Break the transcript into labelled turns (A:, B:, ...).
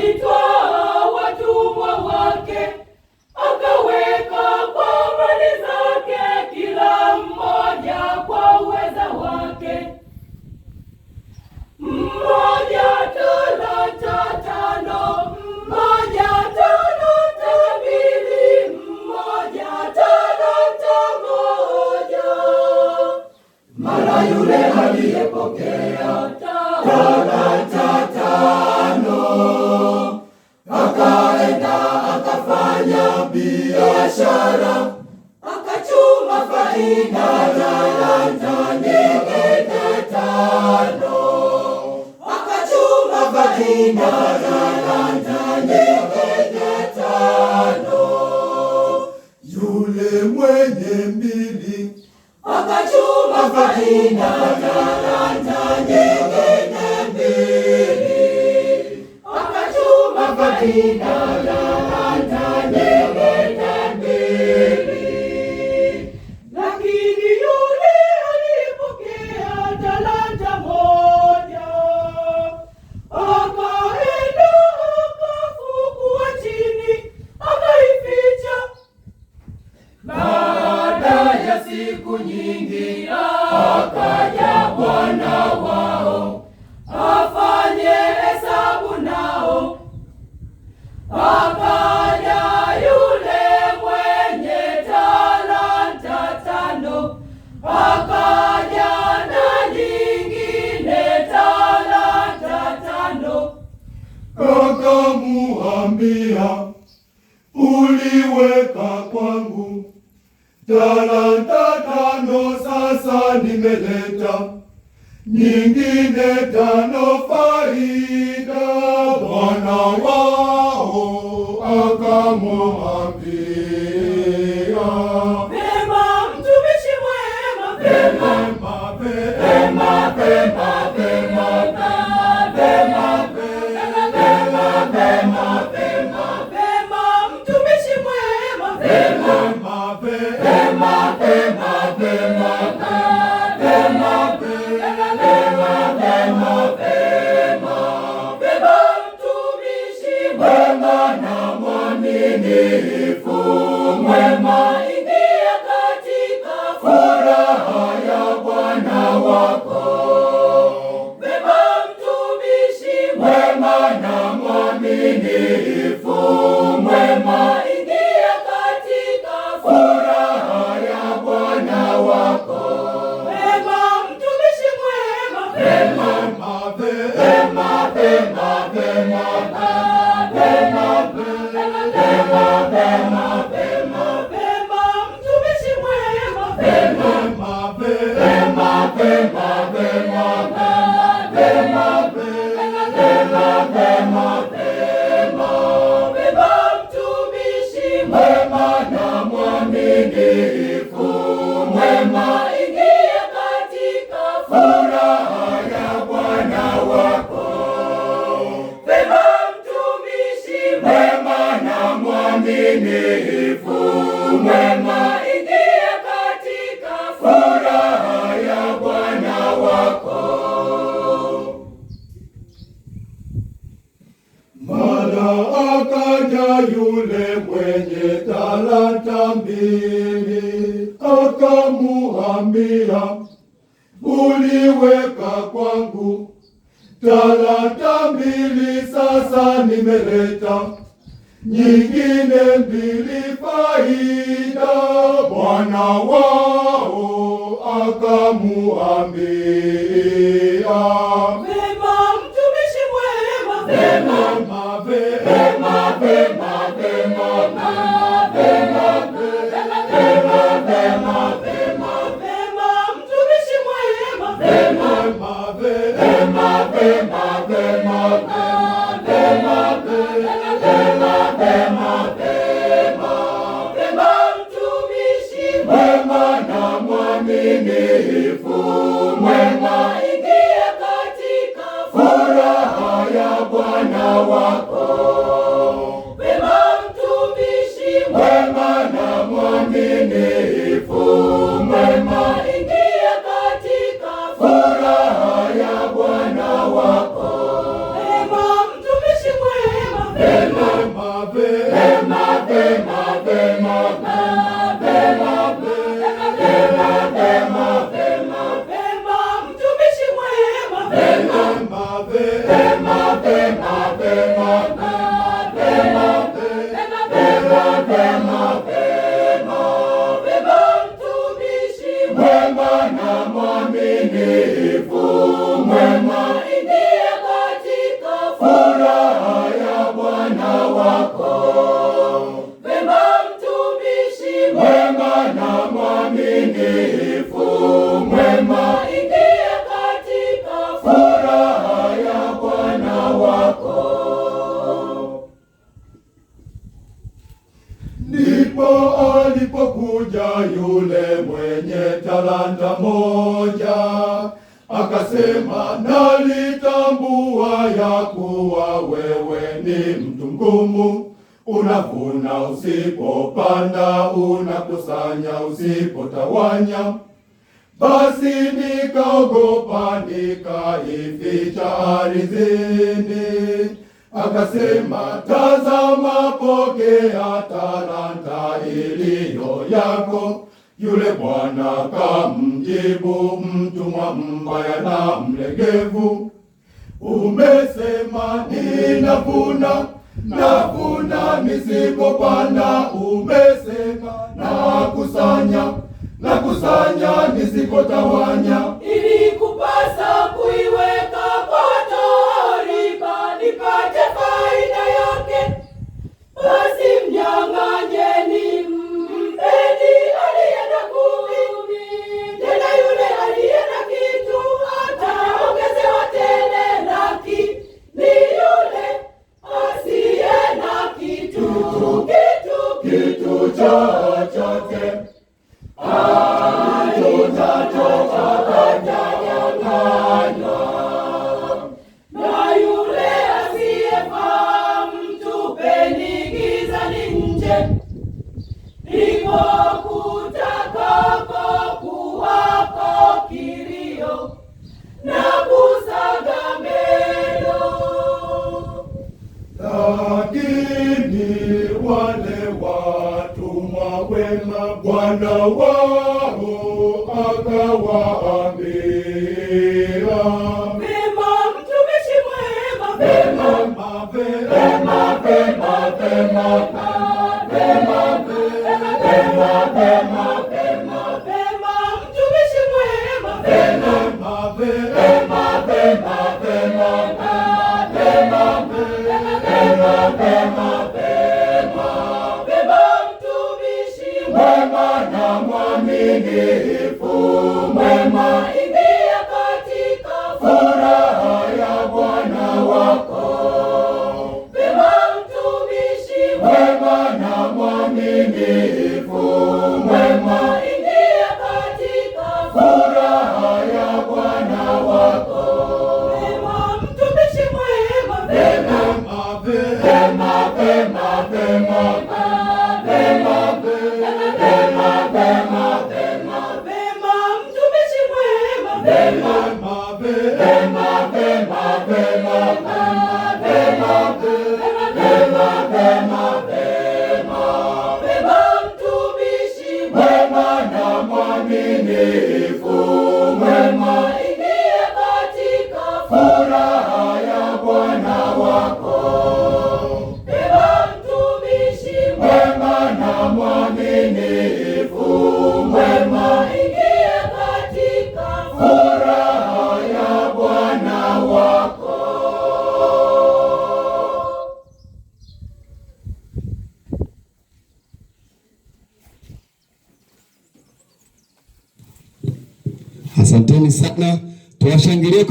A: victoire
B: Yule mwenye Akaja yule mwenye talanta tano, akaja na nyingine talanta tano, akamuambia uliweka kwangu talanta tano, sasa nimeleta nyingine tano, faida Bwana wangu Mama. yule mwenye talanta mbili, akamuambia uliweka kwangu talanta mbili, sasa nimeleta nyingine mbili faida. Bwana wao akamuambia Ndipo alipokuja yule mwenye talanta moja, akasema nalitambua ya kuwa wewe ni mtu mgumu, unavuna usipopanda, unakusanya usipotawanya. Basi nikaogopa nikaificha ardhini Akasema, tazama, pokea talanta iliyo yako. Yule bwana kamjibu mtumwa mbaya na mlegevu, umesema ninavuna, navuna nisipopanda. Umesema nakusanya, nakusanya nisipotawanya. Ilikupasa kuiwe ndipo kuwako kilio na kusaga meno, lakini wale watumwa wema Bwana wao akawaambia Mwema mine karibuni sana, tuwashangilie.